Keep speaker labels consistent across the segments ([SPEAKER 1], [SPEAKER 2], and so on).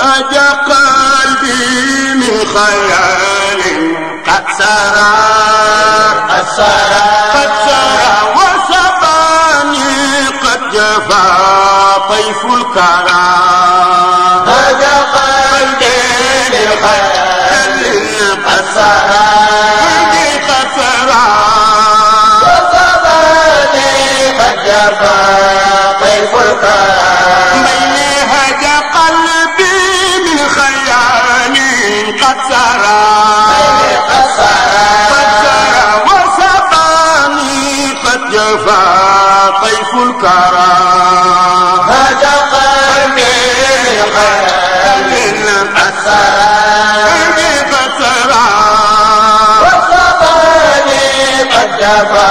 [SPEAKER 1] أجى قلبي من خيال قد سرى قد سرى قد سرى وسباني قد جفا طيف الكرى أجى قلبي من خيال قد سرى قلبي قد سرى وسباني قد جفا طيف الكرى بين هجى قلبي المصطفى طيف الكرى هدى قلبي قلبي قلبي قسرى وصفاني قد جفا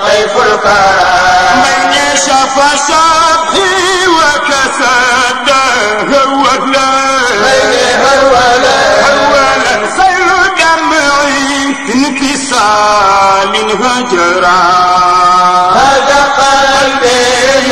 [SPEAKER 1] طيف الكرى من يشف شفي وكسد هولا هولا هولا سير دمعي انكسار هجرا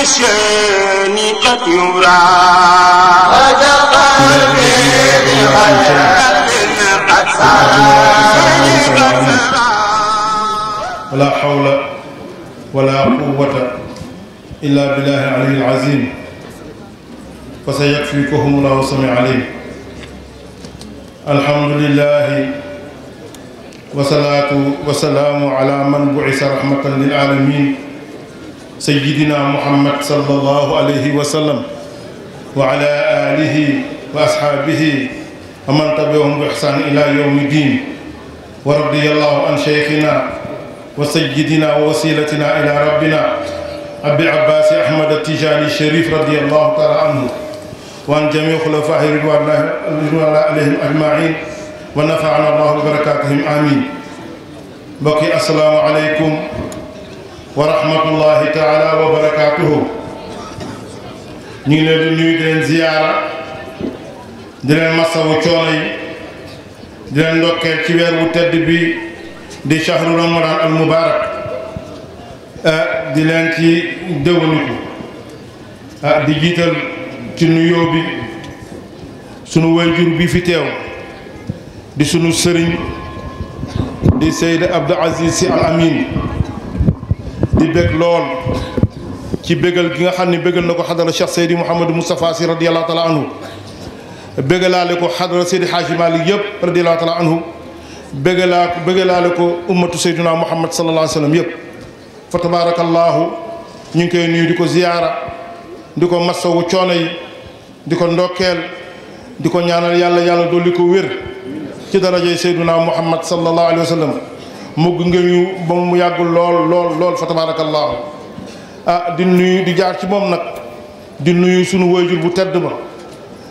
[SPEAKER 1] العشان قد يرى
[SPEAKER 2] قد قلبي قد ولا حول ولا قوة إلا بالله العلي العظيم فسيكفيكهم الله السميع عليم الحمد لله والصلاة والسلام على من بعث رحمة للعالمين sayyidina muhammad sallallahu alayhi wa sallam wa ala alihi wa ashaabihi wa man tabi'ahum bi ihsaan ila yawmi diin wa radiyallahu an sheykhina wa sayyidina wa wasilatina ila rabbina abi abbas ahmad tijaani sharif radiyallahu taala anhu wa an jamii xulafaahi ridwanullahi alayhim ajmain wa nafaana allahu bi barakatihim amin mbokk yi assalaamu aleykum wa rahmatullahi wa barakaatuhu ñu ngi leen di nuyu di leen ziyaara di leen masawu coono yi di leen ndokkeel ci weer wu bi di shahru ramadan al mubarak eh, di leen ci dëwaniku eh, di jiital ci nuyoo bi sunu wayjur bi fi teew di sunu sëriñ di Seyd Abdou Aziz Sy Al Amin di bég lool ci bégal gi nga xam ne bégal na ko xadara Cheikh Seydi Mouhamadou Moustapha Sy radiallahu taala anhu bégalaale ko xadara Seydi Hadji Malick yëpp radiallahu taala anhu bégalaa ko bégalaale ko ummatu Seydina Muhammad sallallahu alayhi wa sallam yëpp fa ñu ngi koy nuyu di ko ziyaara di ko masawu coono yi di ko ndokkeel di ko ñaanal yàlla yàlla dolli ko wér ci darajay Seydina Muhammad sallallahu alayhi wa sallam mu gunge ñu ba mu yàggul lool lool lool fa tabaarakallaahu ah di di jaar ci moom nag di nuyu sunu wayjur bu tedd ba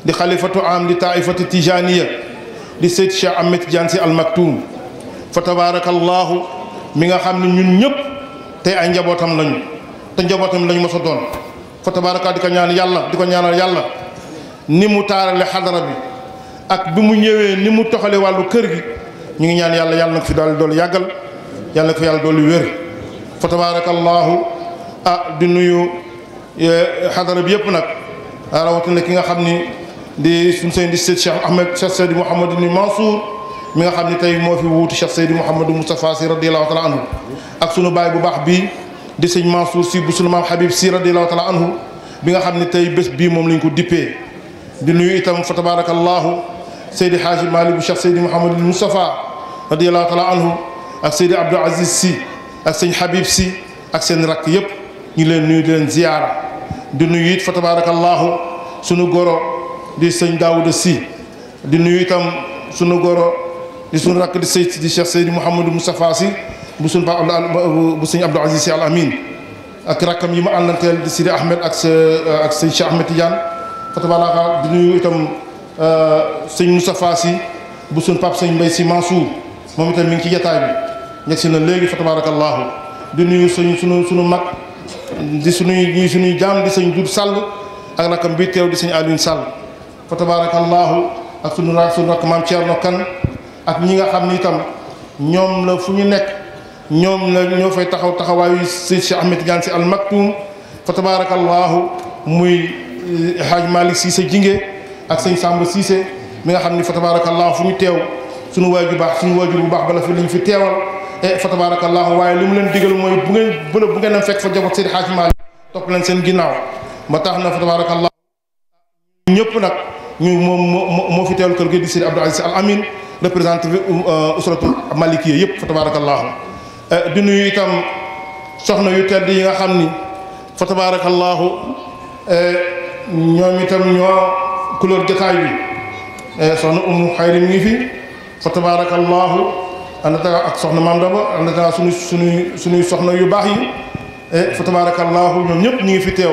[SPEAKER 2] di xalifatu am di taaifati tijaniya di seyd Cheikh Ahmed Tidiane Sy Al Maktoum fa tabaarakallaahu mi nga xam ne ñun ñëpp tey ay njabootam lañu te njabootam lañu mos a doon fa tabaaraka di ko ñaan yàlla di ko ñaanal yàlla ni mu taarale xadara bi ak bi mu ñëwee ni mu toxale wàllu kër gi. ñu ngi ñaan yàlla yàlla na ko fi daal dool yàggal yàlla na ko fi yàlla dool wér fa tabaarakallaahu ah di nuyu eh, xadara bi yëpp nag ah, rawatina ki nga xam ni di suñ seen di Cheikh Ahmed Cheikh Seydi Mouhamadou ni Mansour mi nga xam ni tey moo fi wuutu Cheikh Seydi Mouhamadou Moustapha si radiallahu taala anhu ak sunu baay bu baax bii di sëñ Mansour si bu sunu maam Habib si radiallahu taala anhu bi nga xam ni tey bés bii moom lañ ko dippee di nuyu itam fa tabaarakallaahu Seydi Haaji Malick bu Cheikh Seydi Mouhamadou Moustapha radiallahu taala anhu ak Seydi Abdou Aziz si ak sëñ Habib si ak seen rakk yëpp ñu leen nuyu di leen ziyaara di nuyu it fa tabarakallahu sunu goro di sëñ Daawuda si di nuyu itam sunu goro di sunu rakk di sëy di Cheikh Seydi Mouhamadou Moustapha si bu sunu paa bu sëñ Abdou Aziz si al yi ma àllanteel di euh, Mbay si Mansour moom itam mi ngi ci jataay bi ñegsi na léegi fa tabaarakallaahu di nuyu suñu suñu suñu mag di suñu ñi suñuy jaam di sëñ Dut Sall ak rakam bii teew di sëñ Alioune Sall fa tabaarakallaahu ak suñu rak suñu rakk maam Thierno Kane ak ñi nga xam ni itam ñoom la fu ñu nekk ñoom la ñoo fay taxaw taxawaayu si Cheikh Ahmed Tidiane Sy Al Maktoum fa tabaarakallaahu muy eh, Hadj Malick Cissé Jinge ak sëñ Samba Cissé mi nga xam ni fa tabaarakallaahu fu ñu teew suñu waajur baax suñu waajur bu baax bala fi liñ fi teewal eh, fa tabarakallahu waaye li mu leen digal mooy bu ngeen bërëb bu ngeen fekk fa jaboot seen xaaj maal topp leen seen ginnaaw ba tax na fa tabarakallahu ñëpp nag ñu moom moo fi teewal kër gi di sëriñ Abdou Aziz Al Amin représenté euh, usratul malikiya yëpp fa tabarakallahu eh, di nuyu itam soxna yu tedd yi nga xam ni fa tabarakallahu eh, ñoom itam ñoo couleur jotaay bi soxna Umu Xayri mi fi fa tabaarakallaahu ànd ak soxna maam Daba ànd ak suñu soxna yu baax yi eh, fa ñoom ñëpp ñu ngi fi teew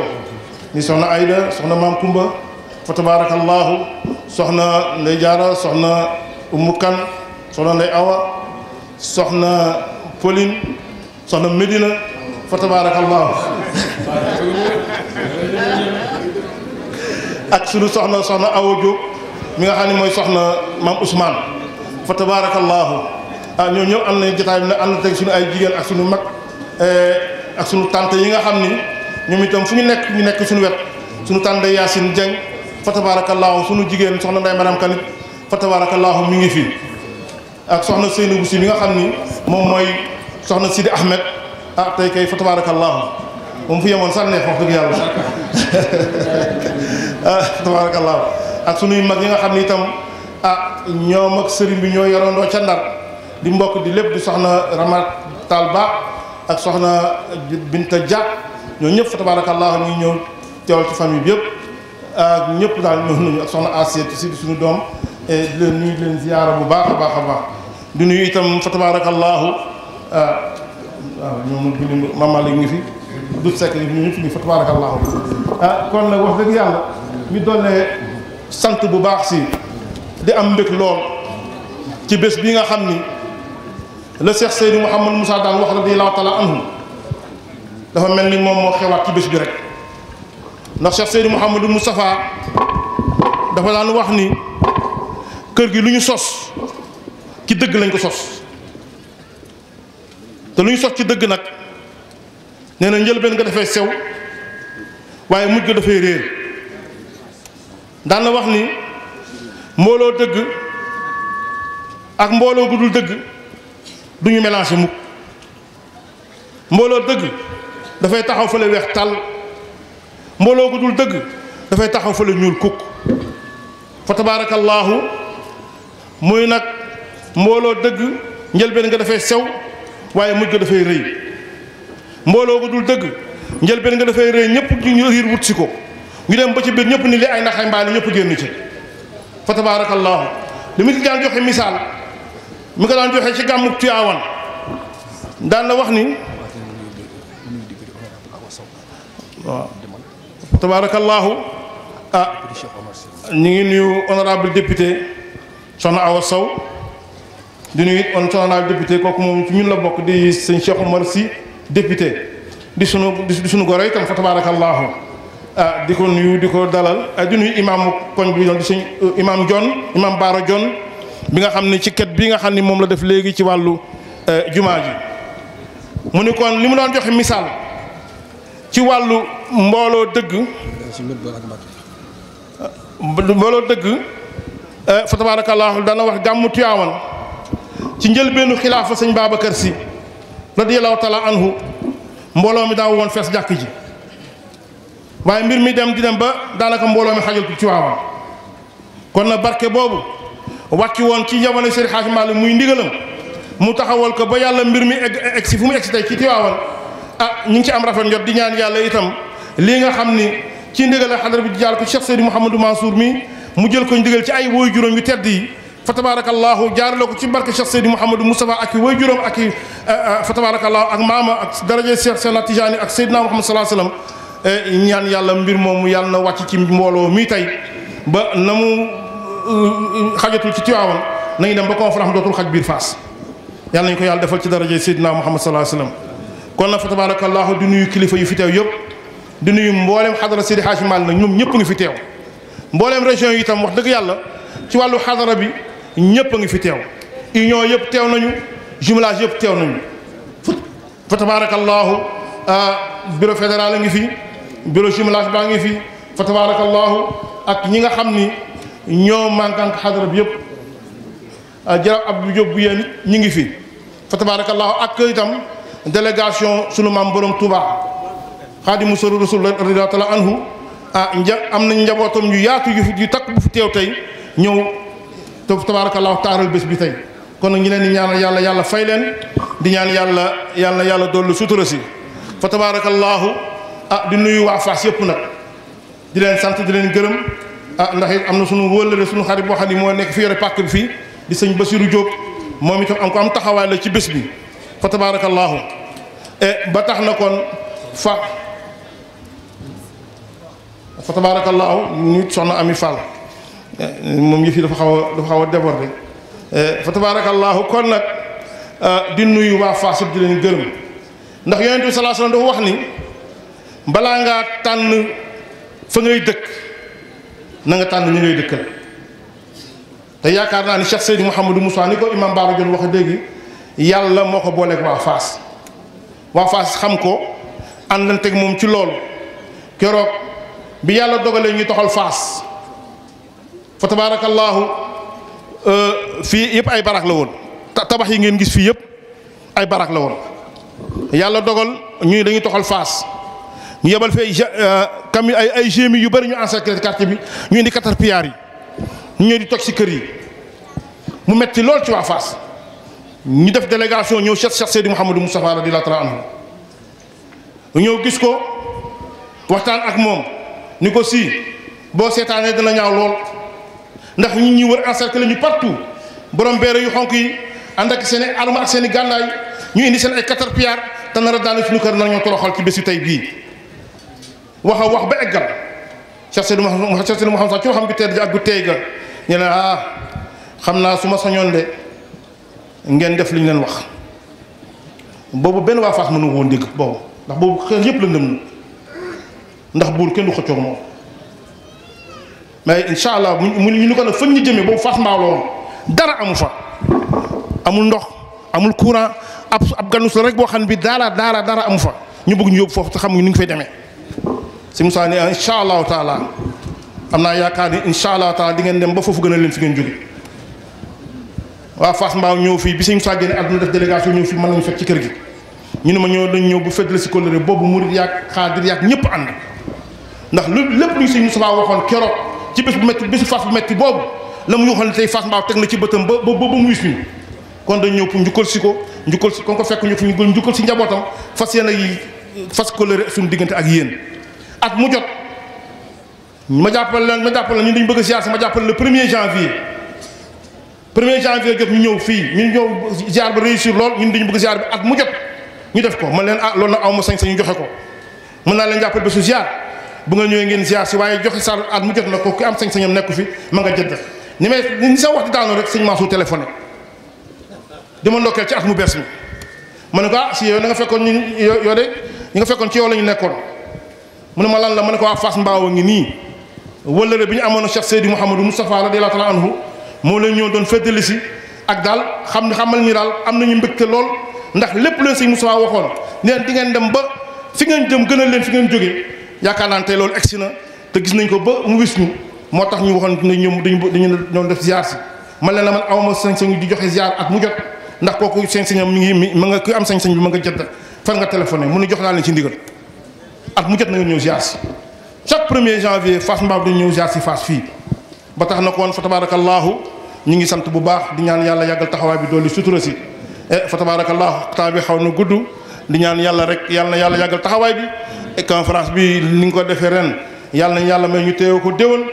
[SPEAKER 2] ñu soxna Ayda soxna maam Kumba fa tabaarakallaahu soxna Ndey Jaara soxna Umu Kan soxna Ndey Awa soxna Pauline soxna Medina fa tabaarakallaahu ak suñu soxna soxna Awa Diop mi nga xam mooy soxna maam Ousmane fa tabaarakallaahu ah ñoo ñëw am nañ jotaay bi nag ànd teg suñu ay jigéen ak suñu mag eh, ak suñu tante yi nga xam ni ñoom itam fu ñu nekk ñu nekk suñu wet suñu tante Yacine Dieng fa tabaarakallaahu suñu jigéen soxna Ndeye Maram Kanit fa tabaarakallaahu mi ngi fi ak soxna Seynabou si mi nga xam ni moom mooy soxna Sidi Ahmed ah tey kay fa tabaarakallaahu moom fu yemoon sax neex wax yàlla ah ak suñuy mag yi nga xam ni itam ah ñoom ak sëriñ bi ñoo yoroondoo ca ndar di mbokk di lépp di soxna Ramat Tall Ba ak soxna Binta Dia ñoo ñëpp fa tabarakallah ñuy ñëw teewal ci yëpp ak ñëpp daal ñëw nañu suñu doom di leen nuyu ziyaara bu baax a baax baax di nuyu itam fa tabarakallahu ah, waaw ñoom ñu mama léegi ngi fi du sekk ñu fa tabarakallahu ah, kon nag wax dëgg yàlla ñu doon sant bu baax si di am mbég lool ci bés bi nga xam ni la Cheikh Seydou Mouhamad Moussa daan wax radiyallahu taala anhu dafa mel ni moom moo xewaat ci bés bi rek ndax Cheikh Seydou Mouhamadou Moustapha dafa daan wax ni kër gi lu ñu sos ci dëgg lañ ko sos te lu ñu sos ci dëgg nag nee na njëlbeen nga dafay sew waaye mujj ga dafay réer daan na wax ni mbooloo dëgg ak mbooloo gudul dëgg duñu ñu mélanger mukk mbooloo dëgg dafay taxaw fële weex tàll mbooloo gudul dëgg dafay taxaw fële ñuul kukk fa tabaarakallaahu muy nag mbooloo dëgg njëlbeen nga dafay sew waaye mujj ga dafay rëy mbooloo gudul dëgg njëlbeen nga dafay rëy ñëpp ñu riir wut si ko ñu dem ba ci ñëpp ni li ay naxay mbaali ñëpp génn ci fa tabaarakallaahu li mu ci daan joxe misaal mi ko daan joxe ci gàmmu Tiwaawan daan la wax ni waaw tabaarakallaahu ah ñu ngi nuyu honorable député Soxna Awa Sow di nuyu on honorable député kooku moom ci ñun la bokk di sëñ Cheikh Omar Sy député di sunu di sunu goro itam fa tabaarakallaahu ah di ko nuyu di ko dalal ah, di nuyu imaamu koñ bi di suñ uh, imaam John imaam Baara John bi nga xam ne ci kët bi nga xam ni moom la def léegi ci wàllu eh, jumaa ji mu ni kon li mu doon joxe misaal ci wàllu mbooloo dëgg ah, mbooloo dëgg eh, fa tabaarakallaahu dana wax gàmmu Tiwaawan ci njëlbeenu xilaafa sëñ Babacar Si radiyallaahu taala anhu mbooloo mi daa woon fees jàkk ji waaye mbir mi dem di dem ba daanaka mbooloo mi xajul ci Tiwaawan kon na barke boobu wàcc woon ci jamono Sëriñ Xaasim Maalik muy ndigalam mu taxawal ko ba yàlla mbir mi egg egg si fu mu egg si ci Tiwaawan ah ñu ngi ci am rafet njot di ñaan yàlla itam lii nga xam ni ci ndigal xadara bi jaar ko Cheikh Seydi Mouhamadou Mansour mi mu jël ko ndigal ci ay woy juróom yu tedd yi fa tabarakallahu jaarale ko ci barke Cheikh Seydi Mouhamadou Moustapha ak i woy juróom ak i eh, eh, fa tabarakallahu ak maama ak daraje Cheikh Seydina Tijaani ak Seydina Muhammad sallallahu alayhi wa sallam Eh, ñaan yàlla mbir moomu yàlla na wàcc ci mbooloo mi tey ba na mu eh, xajatul ci Tiwaawan nañu dem ba conférence dootul xaj biir Faas yàlla nañu ko yàlla defal ci daraje Seydina Muhammad sallallahu alayhi wasallam kon na fa tabarakallahu di nuyu kilifa yi fi teew yëpp di nuyu mbooleem xadara Seydi Hadji Malick nag ñoom ñëpp ngi fi teew mbooleem région yi tam wax dëgg yàlla ci wàllu xadara bi ñëpp a ngi fi teew union yëpp teew nañu jumelage yëpp teew nañu fa tabarakallahu ah, ngi fi bureau jumelage baa ngi fi fa tabaarakallaahu ak ñi nga xam ni ñoo mankank xadara bi yëpp ah, jarab Abdou Diop bu yéen ñi ngi fi fa tabaarakallaahu ak itam délégation sunu maam borom Touba xaadimu suru rasul radiyallaahu taala anhu ah nja am nañ njabootam yu yaatu yu fi yu takk bu fi teew tey ñëw te tabaarakallaahu taaral bés bi tey kon nag ñu leen di yàlla yàlla fay leen di ñaan yàlla yàlla yàlla dollu sutura si fa tabaarakallaahu ah di nuyu waa fas yëpp nag di leen sant di leen gërëm ah ndax it am na sunu wëllëre sunu xarit boo xam ne moo nekk fi yore pàkk bi fii di sëñ Basiru Diop moom itam am ko am taxawaay la ci bés bi fa tabaarakallaahu eh, ba tax na kon fa fa tabaarakallaahu nit soxna Ami Fall eh, moom yëf yi dafa xaw a dafa xaw a débordé eh, fa tabaarakallaahu kon nag ah, di nuyu waa fas yëpp di leen gërëm ndax yonent bi salaa salaam dafa wax ni. balaa ngaa tànn fa ngay dëkk na nga tànn ñi ngay dëkkal te yaakaar naa ni Cheikh Seydi Mouhamadou Moussa ni ko imam Baara Dione wax dégg yàlla moo ko booleeg waa Fass waa Fass xam ko teg moom ci loolu keroog bi yàlla dogalee ñuy toxal Fass fa tabaarakallaahu euh, fii yëpp ay barak la woon tabax yi ngeen gis fii yëpp ay barak la woon yàlla dogal ñuy dañuy toxal Fass. ñu yebal fi ay euh, camion ay ay GMI yu bari ñu encercler quartier bi ñu indi caterpillar yi ñu ñëw di toog si kër yi mu metti lool ci waa Fass ñu def délégation ñëw seet Cheikh Seydou Mouhamadou Moustapha radiyallahu taala anhu ñëw gis ko waxtaan ak moom ni ko si boo seetaanee dana ñaaw lool ndax ñu ñuy wër encercler ñu partout borom beere yu xonq yi ànd ak seen i arme ak seen i gànnaay ñu indi seen ay caterpillar te nar a daanu suñu kër nar ñoo toroxal ci bésu tey bii. wax a wax ba eggal Cheikh Seydou Mouhamed Cheikh Seydou Mouhamed sax ci waxam bi tedd ji ak gu tey ga ñu ne ah xam naa su ma sañoon de ngeen def liñ ñu leen wax boobu benn waa Fass mënu woon dégg boobu ndax boobu yëpp la ndëm na kenn du xëccoo moom mais incha allah mu ko nag fan ñu jëmee boobu Fass Mbao loolu dara amu fa amul ndox amul courant ab ab ganus la rek boo xam ne bi daara daara dara amu fa ñu bëgg ñu yóbbu foofu te xam ñu ni ñu fay demee. si Moussa ne incha allahu taala am naa yaakaar ni incha allahu taala di ngeen dem ba foofu gën a leen fi ngeen jóge waa Fass Mbao ñëw fii bi si Moussa génne àdduna def délégation ñëw fii mën nañu fekk ci kër gi ñu ne ma ñëw dañ ñëw bu feddle si kóllëre boobu murit yaag xaadir yaag ñëpp ànd ndax lu lépp luñ si Moussa waxoon keroog ci bés bu métti bésu Fass bu métti boobu la mu waxoon ne tey Fass Mbao teg na ci bëtam ba ba ba mu wis kon dañ ñëw pour njukkal si ko njukkal si kon ko fekk ñu fi ñu njukkal si njabootam fas yéen fas kóllëre suñu diggante ak yéen at mu jot ma jàppal la ma jàppal la ñu dañ bëgg a ziar si ma jàppal le premier janvier premier janvier jot ñu ñëw fii ñu ñëw ziar ba réussir lool ñun dañu bëgg ziar bi at mu jot ñu def ko man leen ah loolu nag aw ma sañ-sañu joxe ko mën naa leen jàppal bésu ziar bu nga ñëwee ngeen ziar si waaye joxe sar at mu jot na ko ku am sañ-sañam nekku fi ma nga ni may ni sa wax di daanoo rek sëñ Mansour téléphoné dama ci at mu bees mi ma ne ko ah si yow na nga fekkoon ñu yow de nga fekkoon ci yow la ñu nekkoon mu ne ma lan la ma ne ko fas Fass Mbao ngi nii wëllëre bi ñu amoon Cheikh Seydi Mouhamadou Moustapha radiyallahu taala anhu moo leen ñëw doon féddali si ak daal xam xamal ni daal am na ñu mbégte lool ndax lépp leen sëñ Moustapha waxoon neen di ngeen dem ba fi ngeen jëm gënal leen fi ngeen jóge yaakaar naa tey loolu egsi na te gis nañ ko ba mu wis ñu moo tax ñu waxoon ne ñoom dañu dañu doon def ziar si man leen la man awma sañ-sañ di joxe ziar ak mu jot ndax kooku sañ-sañam mi ngi mi ma nga ku am sañ-sañ bi ma nga jot nga téléphoné mu naa leen ci ndigal at mu na ngeen ñëw ziar si chaque premier janvier Fass Mbao dañu ñëw ziar si Fass fii ba tax na kon fa tabaarakallaahu ñu ngi sant bu baax di ñaan yàlla yàggal taxawaay bi dolli sutura si eh, fa tabaarakallaahu temps bi xaw na gudd di ñaan yàlla rek yàlla yàlla yàggal taxawaay bi conférence bi ni nga ko defee ren yàlla na yàlla may ñu teew ko déwén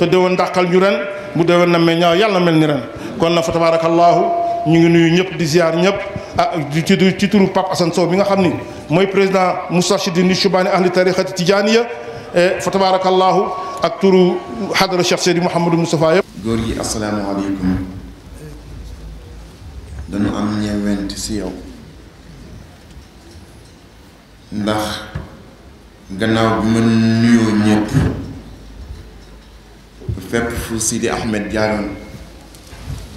[SPEAKER 2] te ndax dàqal ñu ren bu déwén na mais ñaaw yàlla mel ni ren kon na fa tabaarakallaahu ñu ngi nuyu ñëpp di ziar ñëpp. ah ci turu Pape Assane Sow bi nga xam ni mooy président Moustachidine Choubani ahli tariqati tijaaniya eh, fa tabaarakallaahu ak turu xadara Cheikh Seydi Mouhamadou Moustapha yëpp.
[SPEAKER 3] góor yi asalaamaaleykum dañu am ñeewent si yow ndax gannaaw bi ma nuyoo ñëpp fépp fu Sidi Ahmed jaaroon.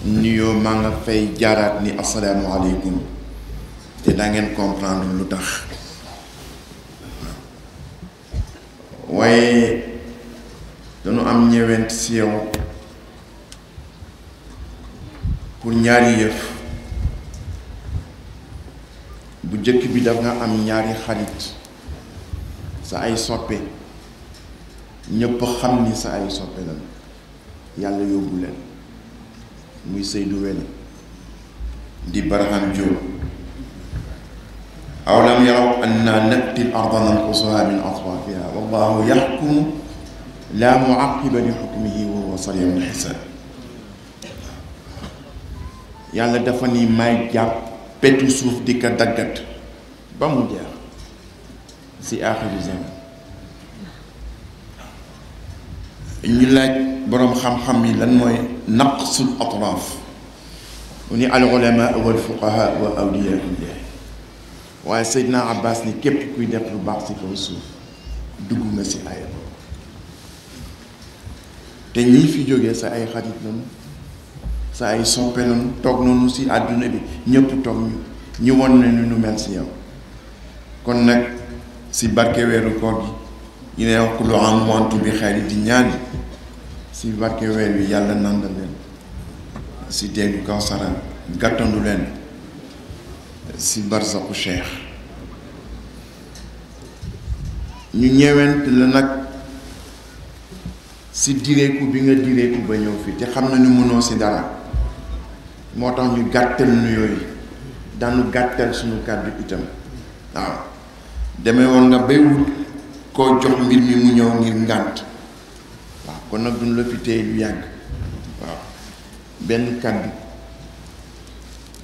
[SPEAKER 3] nuyoo maa nga fay jaaraat ni asalaamaaleykum te dangeen comprendre lu tax waaye dañu am ñëwent si pour ñaari yëf bu jëkk bi daf nga am ñaari xarit sa ay soppe ñëpp xam ni sa ay soppe lan yàlla yóbbu leen muy Seydou Wele di Barham Diop aw lam yaraw anna na'ti al-arda nanqusuha min atrafiha wallahu yaxkumu laa muaqiba li xukmihi wa huwa sari'ul xisaab yàlla dafa ni may jàpp petu suuf di ko daggat ba mu jeex si aaxiru zaman ñu laaj boroom xam-xam yi lan mooy naqsul atraaf mu ni al ulamaa wal fuqahaa wa awliyaa'ullah waaye Seydina Abbas ni képp kuy def lu baax ci kaw suuf dugg nga ci aaya boobu te ñii fi jógee sa ay xarit noonu sa ay soppe noonu toog noonu ci àdduna bi ñëpp toog ñu ñu nañu nu mel ci yow kon nag ci barke weeru koor gi ñu ku lu wantu bi xayri di ñaan si barke weer wi yàlla nand leen si déggu Kawsara gàttandu leen si barsaku Cheikh ñu ñëwent la nag si direeku bi nga direeku ba ñëw fii te xam na ni mënoo si dara moo tax ñu gàttal nuyoo yi daanu gàttal suñu kàddu itam waaw demee woon nga bay wut koo jox mbir mi mu ñëw ngir ngànt kon nag duñ la fi téye lu yàgg waaw benn kàddu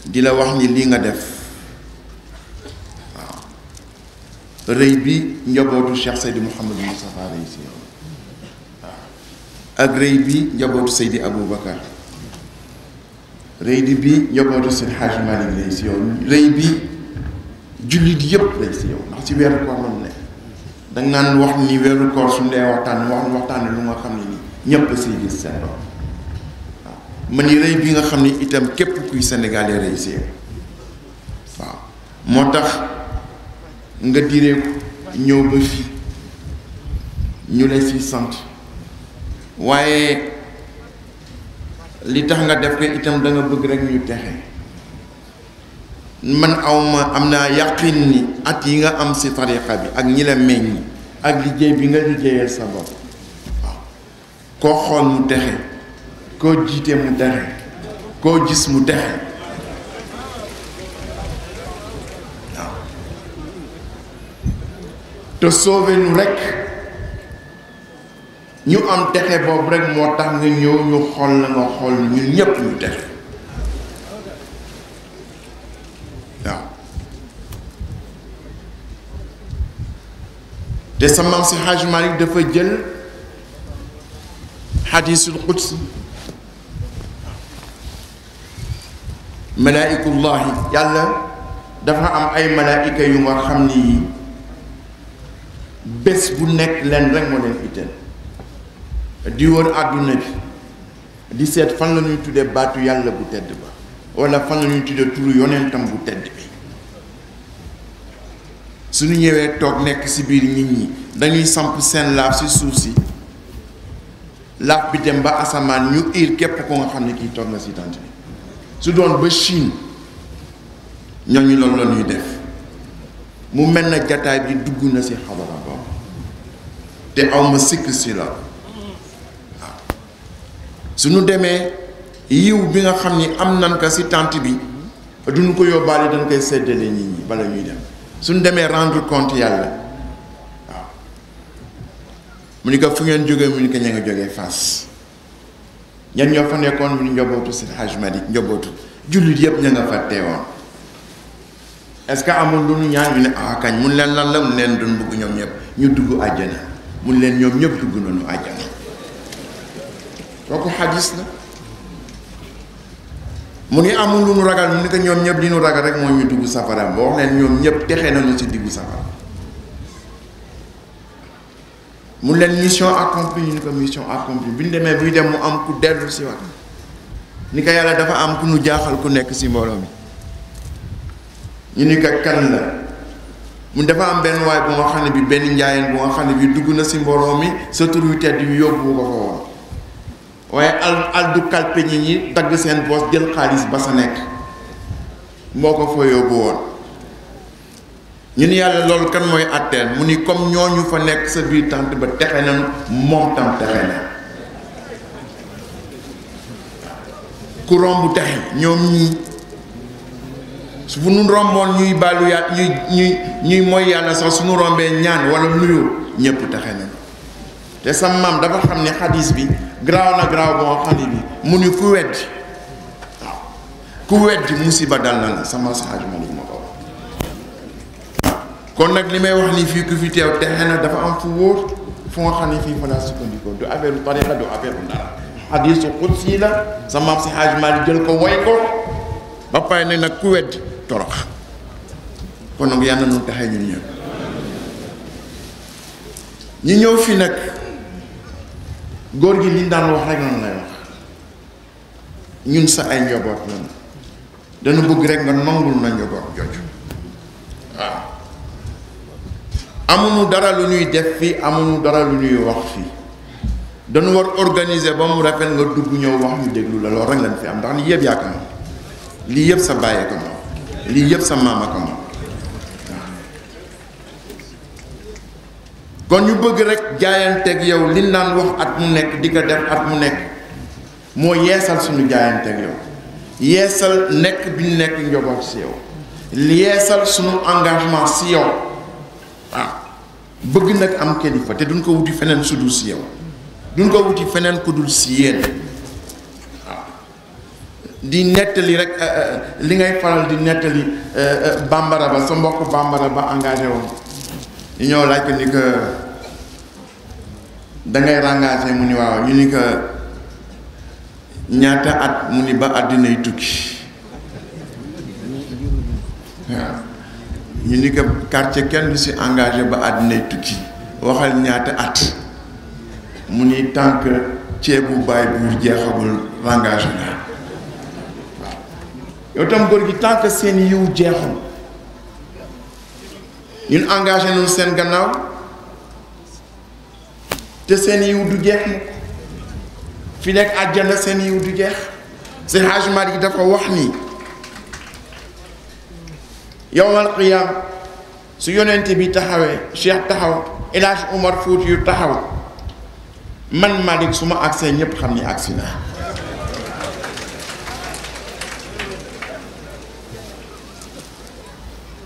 [SPEAKER 3] di la wax ni lii nga def waaw rëy bi njabootu Cheikh Seydi Mouhamadou Moustapha rëy si yow ak rëy bi njabootu Seydi Aboubacar rëy di bi njabootu Seydi Hadji rëy si yow rëy bi jullit yépp rëy si yow ndax si weeru koor da naan wax ni weeru koor suñu dee waxtaan wax waxtaane lu nga xam ne nii ñëpp siy gis seen bopp man yi rëy bi nga xam ne itam képp kuy sénégalais réussir waaw moo tax nga diree ñëw ba fii ñu lay siy sant waaye li tax nga def ko itam da nga bëgg rek ñu texe man awma am naa yàqin ni at yi nga am si tariqa bi ak ñi la meññ ak liggéey bi nga liggéeyal sa bopp waaw koo xool mu texe koo jiite mu texe koo gis mu texe te sauvé nu rekk ñu am texe boobu rekk moo tax nga ñëw ñu xool la nga xool ñun ñépp ñu texe waaw te sa maam si Hajj Malik dafa jël xadiisul quds malaayikullahi yàlla dafa am ay malaayika yu ma xam ni bés bu nekk leen rek moo leen itteel di wër àdduna bi di seet fan la ñuy tuddee baatu yàlla bu tedd ba wala fan la ñuy tuddee turu yonentam bu tedd bi suñu ñëwee toog nekk ci biir nit ñi dañuy samp seen laaf ci suuf si laaf bi dem ba asamaan ñu iir képp ko nga xam ne kii toog na ci tant bi su doon ba Chine ñooñu loolu la ñuy def mu mel na jataay bi dugg na ci xadara boobu te awma sikk si la waaw suñu demee yiw bi nga xam ni am nan ko si tànt bi du duñu ko yóbbaale dañ koy séddale nit ñi bala ñuy dem suñ demee rendre compte yàlla waaw mu ni ko fu ngeen jóge mu ni ko ña nga jóge Fass ñan ñoo fa nekkoon mu ni njobootu si Hajj Malik njobootu jullit yépp ña nga fa teewoon est-ce que amul lu ñu ñaan ñu ne ah kañ mun leen lan la mun leen doon bëgg ñoom ñëpp ñu dugg àjjana mun leen ñoom ñëpp dugg nañu àjjana kooku xadis la mu ni amul lu nu ragal mu ni ko ñoom ñëpp li nu ragal rek moo ñu dugg safara boo wax leen ñoom ñëpp texe nañu ci diggu safara mu leen mission accomplie ñu ni ko mission accomplie bi ñu demee buy dem mu am ku dellu si waat ni ko yàlla dafa am ku nu jaaxal ku nekk si mbooloo mi ñu ni ko kan la mu dafa am benn waay bu nga xam ne bi benn njaayeen bu nga xam ne bi dugg na si mbooloo mi sa tur yu tedd yu yóbbu ko fa woon waaye al aldu kalpe ñi ñi dagg seen boos jël xaalis ba sa nekk moo ko fa yóbbu woon ñu yàlla loolu kan mooy àtteen mu ni comme ñu fa nekk sa biir tànt ba texe na moom tam texe na ku romb texe ñoom ñi su fu nu romboon ñuy baalu yàlla ñuy ñuy ñuy yàlla sax suñu rombee ñaan wala nuyu ñépp texe na te sa maam dafa xam ne xadis bi garaaw na garaaw moo xam ne bi mu ni ku weddi waaw ku weddi musiba dal na la sama saaj Malik ma ko wax kon nag li may wax nii fii ku fi teew texe na dafa am fu wóor xam ne fii fa laa sukkandikoo du la sa maam si xaaj Malik jël ko woy ko ba pare ne nag ku weddi torox kon nag yàlla na nu ñu ñëw fi nag góor gi liñ daan wax rek noonu lay wax ñun sa ay njaboot noonu dana bëgg rek nga nangul na njaboot jooju waaw amuñu dara lu ñuy def fii amuñu dara lu nuy wax fii dañu war organiser ba mu rafet nga dugg ñëw wax ñu déglu la loolu rek lañ fi am ndax lii yëpp yaa ko lii yëpp sa bàyyee ko lii yëpp sa maama ko kon ñu bëgg rek jaayanteeg yow liñ naan wax at mu nekk di ko def at mu nekk moo yeesal suñu jaayanteeg yow yeesal nekk bi ñu nekk njaboot si yow yeesal suñu engagement si yow waaw ah, bëgg nag am kilifa te duñ ko wuti feneen su dul si yow duñ ko wuti feneen ku dul si yéen waaw ah, di nettali rek eh, eh, li ngay faral di nettali eh, bambara ba sa mbokk bambara ba engagé woon. ñu ñëw laaj ko ni que dangay rengager mu ni waaw ñu ni que ñaata at mu ni ba àddina yi tukki ñu ni que quartier kenn du si engagé ba àddina yi tukki waxal ñaata at mu ni tant que ceebu baay buur jeexagul rengagé naa yow tam góor gi tant seen yiw jeexul ñun engagé nañu seen gannaaw te seen yiw du jeex mu fi nekk àjjana seen yiw du jeex seen Hajj Malik dafa wax ni yowmal qiyaam su yonent bi taxawee Cheikh taxaw El Hadj Omar Foutiyou taxaw man Malik su ma agsee ñépp xam ni agsi naa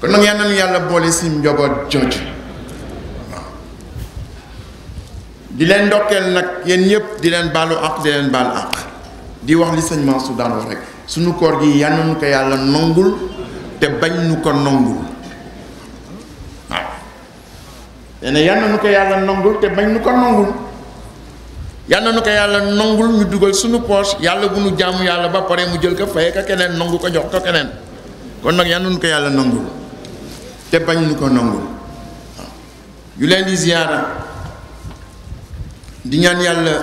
[SPEAKER 3] kon nag yàlla na yàlla boole si njaboot jooju di leen ndokkeel nag yéen yépp di leen baalu àq di leen baal àq di wax li sëñ Mansour daan wax rek suñu koor gi yàlla nu ko yàlla nongul te bañ nu ko nongul waaw nee na nu ko yàlla nongul te bañ ko nongul yàlla nu yàlla nongul ñu dugal suñu poche yàlla bu nu jaamu yàlla ba pare mu jël ko faye ka keneen nangu ko jox ko keneen kon nag yàlla nu ko yàlla nongul te bañ ñu ko nangul yu ñu leen di ziyaara di ñaan yàlla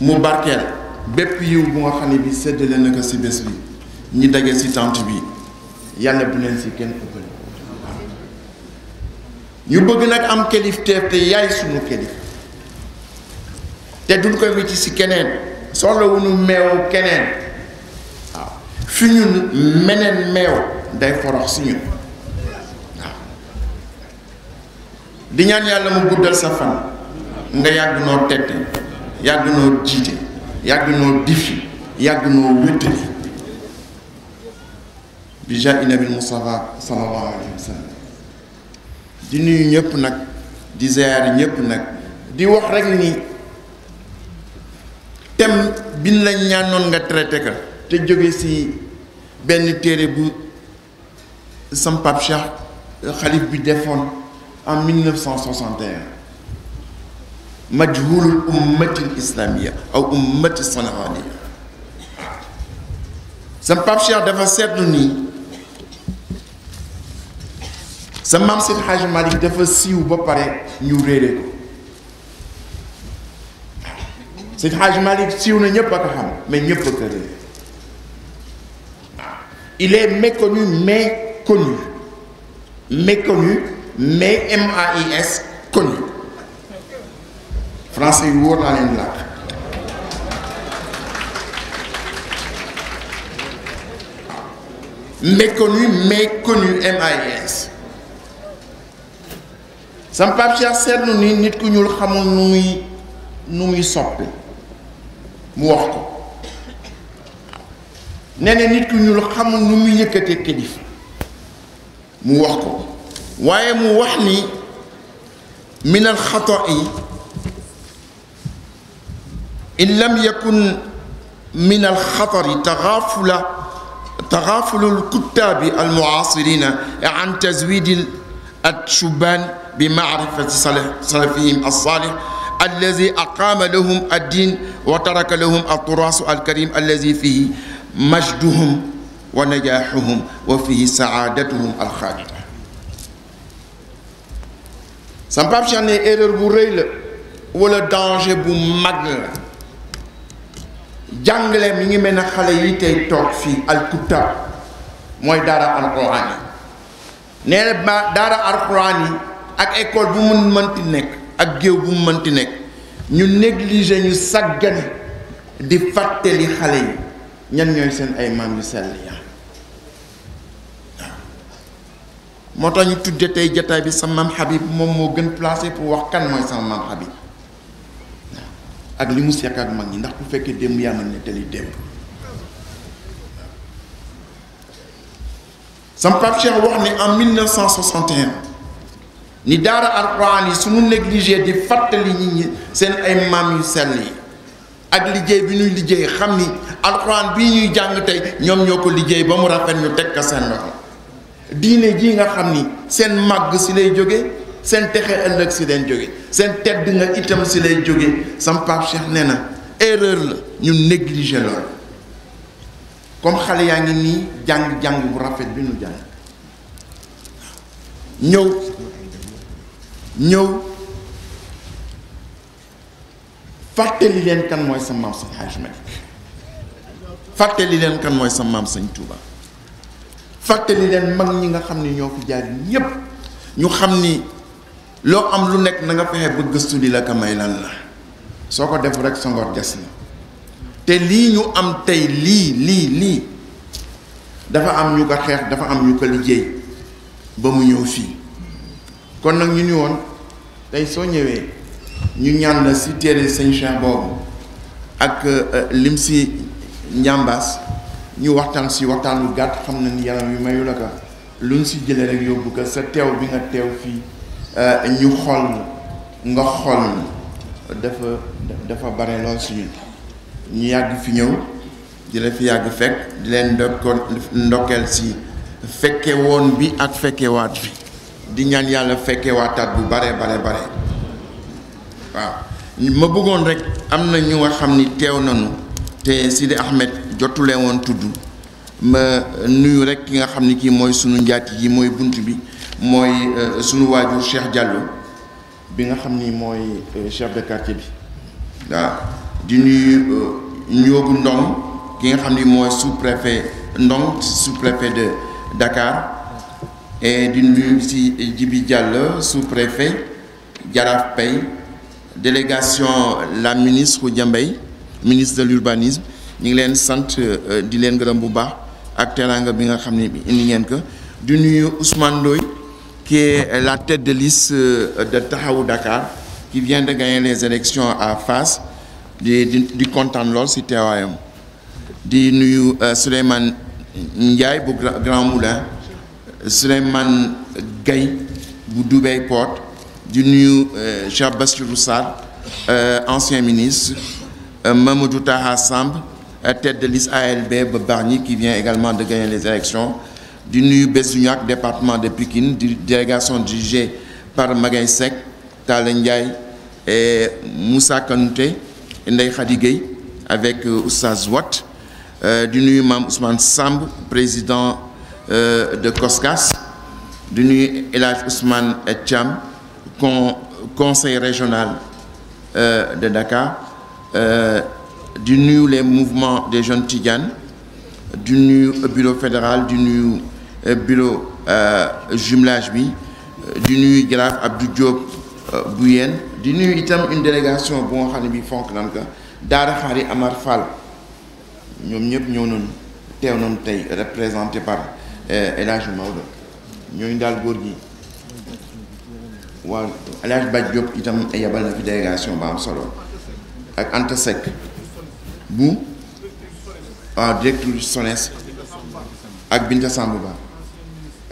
[SPEAKER 3] mu barkeel bépp yiw bu nga xam ne bi séddale na ko ci bés bi ñi daje ci tànt bi yàlla bu leen ci kenn ëppale ñu bëgg nag am kelif teef te yaay suñu kelif te duñ ko wicc ci keneen soxlawuñu meewu keneen waaw fi ñun meneen meew day forox si ñun di ñaan yàlla mu guddal sa fan nga yàgg noo tette yàgg noo jiite yàgg noo difi yàgg noo wéttali bi jaa nabil Mustafa sallallahu alayhi wa di nuyu ñëpp nag di ziyaar ñëpp nag di wax rekk ni thème bi ñu la ñaanoon nga traité ka te jóge ci benn téere bu sam Pape xalif bi defoon en 1961 majhulul ummatil islamia aw ummati sanahania sa Pape Cheikh dafa seetlu nii sa maam Seydi Hadji Malick dafa siiw ba pare ñu réere ko Seydi Hadji Malick siiw na ñépp a ko xam mais ñépp a il est méconnu mais connu méconnu mais MAIS connu français yu wóor laa leen di làkk méconnu mais connu MAIS sam Pape Cheikh seetlu ni nit ku ñuul xamul nu muy nu muy soppi mu wax ko nee na nit ku ñuul xamul nu muy yëkkatee kilifa mu wax ko waaye mu wax ni min alxatai in lam yakun min alxatari taxaafula taxaafulu alkuttaabi almucaasirina an tazwidi alshubaan bi macrifati salafihim alsaalix alladi aqaama lahum addiin wa taraka lahum alturaasu alkarim alladi fihi majduhum wa najaaxuhum wa fihi sacaadatuhum alxaali sa pap Cheikh bu rëy la wala danger bu mag la jàngale mi ngi mel ne xale yi tey toog fii alkutab mooy daara alquran yi ba daara alquran ak école bu mu mënti nekk ak géew bu mu mënti nekk ñu négliger ñu sàggane di fàttali xale yi ñan ñooy seen ay maam yu sell moo tax ñu tudde tey jataay bi sa maam Habib moom moo gën placé pour wax kan mooy sama maam Habib ak li mu seq ak mag ñi ndax ku fekkee démb yaa mën nettali démb sama Pape Cheikh wax ni en 1961 ni daara alquran yi suñu négligé di fàttali nit ñi seen ay maam yu sell yi ak liggéey bi ñuy liggéey xam ni alquran bii ñuy jàng tey ñoom ñoo ko liggéey ba mu rafet ñu teg ko seen loxo diine ji nga xam ni seen màgg si lay jóge seen texe ëllëg si leen jóge seen tedd nga itam si lay jóge sam Pape Cheikh nee na erreur la ñu négliger la comme xale yaa ngi nii jàng-jàng bu rafet bi ñu jàng ñëw ñëw fàttali leen kan mooy sa maam sëñ Hajj Malick fàttali leen kan mooy sa maam sëñ Touba fàttali leen mag ñi nga xam ne ñoo fi jaar ñépp ñu xam ni loo am lu nekk na nga fexe ba gëstu li la ka may lan la soo ko def rek sa ngor des na te lii ñu am tey lii lii lii dafa am ñu ko xeex dafa am ñu ko liggéey ba mu ñëw fii kon nag ñu ni woon tey soo ñëwee ñu ñaan la si téere sëñ Cheikh boobu ak euh, lim si njàmbaas ñu waxtaan si waxtaan lu gàtt xam na ni yaram wi mayu la ka luñ si jëlee rek yóbbu ko sa teew bi nga teew fii euh, ñu xool nga xool dafa dafa bare lool si ñu yàgg fi ñëw di fi yàgg fekk di leen ndokkeel si fekke woon bi ak fekkewaat bi di ñaan yàlla fekke fekkewaataat bu bare bare bare waaw ma bëggoon rekk am na ñu nga xam ni teew nañu te Sidi Ahmed jotulee woon tudd ma nuyu rek ki nga xam ne kii mooy suñu njaati yi mooy bunt bi mooy euh, sunu waajur Cheikh jàll bi nga xam ni mooy euh, chef de quartier bi waaw di nuyu euh, Ndiogu Ndong ki nga xam ni mooy sous-préfet Ndong sous-préfet de Dakar et di nuyu si Djibi Diallo sous-préfet Jaraaf Paye délégation la ministre Koudia Mbaye ministre de l'urbanisme ñu ngi leen sant euh, di leen gërëm bu baax ak teraanga bi nga xam ne indi ngeen ko di nuyu Ousmane Ndoye qui la tête de liste euh, de Taxawu Dakar qui vient de gagner les élections à fas di di di kontaan lool si teewaayam di nuyu euh, Souleymane Ndiaye bu Grand Moulin Souleymane Gaye bu Dubaï Port di nuyu Cheikh Bassirou Sarr ancien ministre Mamadou Taha Samb tête de liste ALB ba Bargny qui vient également de gagner les élections di nuyu Besuniak département de Pikine di délégation dirigée par Magay Seck Ndiaye et Moussa Kanouté Ndeye avec euh, Oustaz Watt euh, di nuyu Mame Ousmane Samb président euh, de COSCAS di nuyu El Hadj Ousmane Thiam conseil régional de Dakar di nuyu les mouvements des jeunes Tidjane di nuyu euh, bureau fédéral di nuyu euh, bureau euh, jumelage bi di nuyu jaraaf Abdou Diop bu yeen di nuyu itam une délégation bu nga xam ne bi fonk nan ka Daara Xaari Amar Fall ñoom ñëpp ñëw nañu teew nañu tey représenté par El Hadj Maodo ñooñu daal góor gi waaw El Hadj Badj itam yebal na fi délégation ba am solo ak Anta bu waaw directrice SONES ak Binta sambu Ba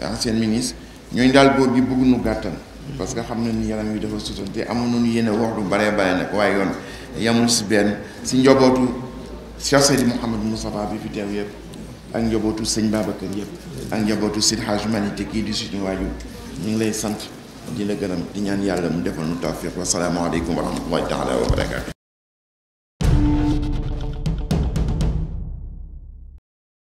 [SPEAKER 3] ancienne ministre ñooñu daal góor gi bëgg nu gàttan parce que xam na ni yaram yi dafa sutoon te amoon nañu yéene wax lu bare bare nag waaye yoon yamul si benn si njobootu Cheikh Seydi Mouhamadou Moustapha bi fi teew yëpp ak njobootu sëñ Babacar yëpp ak njobootu Seydi Hadji Malick te kii di suñu waajur ñu ngi lay sant di la di ñaan yàlla mu defal nu tawfiq wa salaamu aleykum wa rahmatullahi